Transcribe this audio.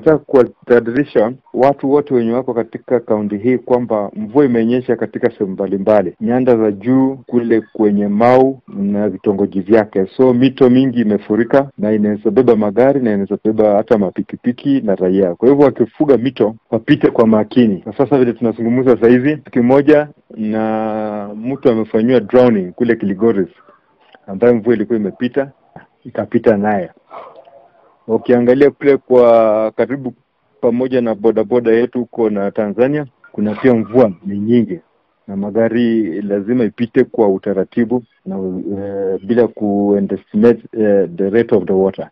Nataka kuwatadirisha watu wote wenye wako katika kaunti hii kwamba mvua imeonyesha katika sehemu mbalimbali, nyanda za juu kule kwenye Mau na vitongoji vyake, so mito mingi imefurika na inaweza beba magari na inaweza beba hata mapikipiki na raia. Kwa hivyo wakifuga mito wapite kwa makini. Kwa sasa vile tunazungumza sahizi hizi, moja na mtu amefanyiwa drowning kule kiligoris ambaye mvua ilikuwa imepita ikapita naye. Ukiangalia kule kwa karibu pamoja na bodaboda yetu huko na Tanzania, kuna pia mvua ni nyingi na magari lazima ipite kwa utaratibu na uh, bila kuestimate uh, eh, the rate of the water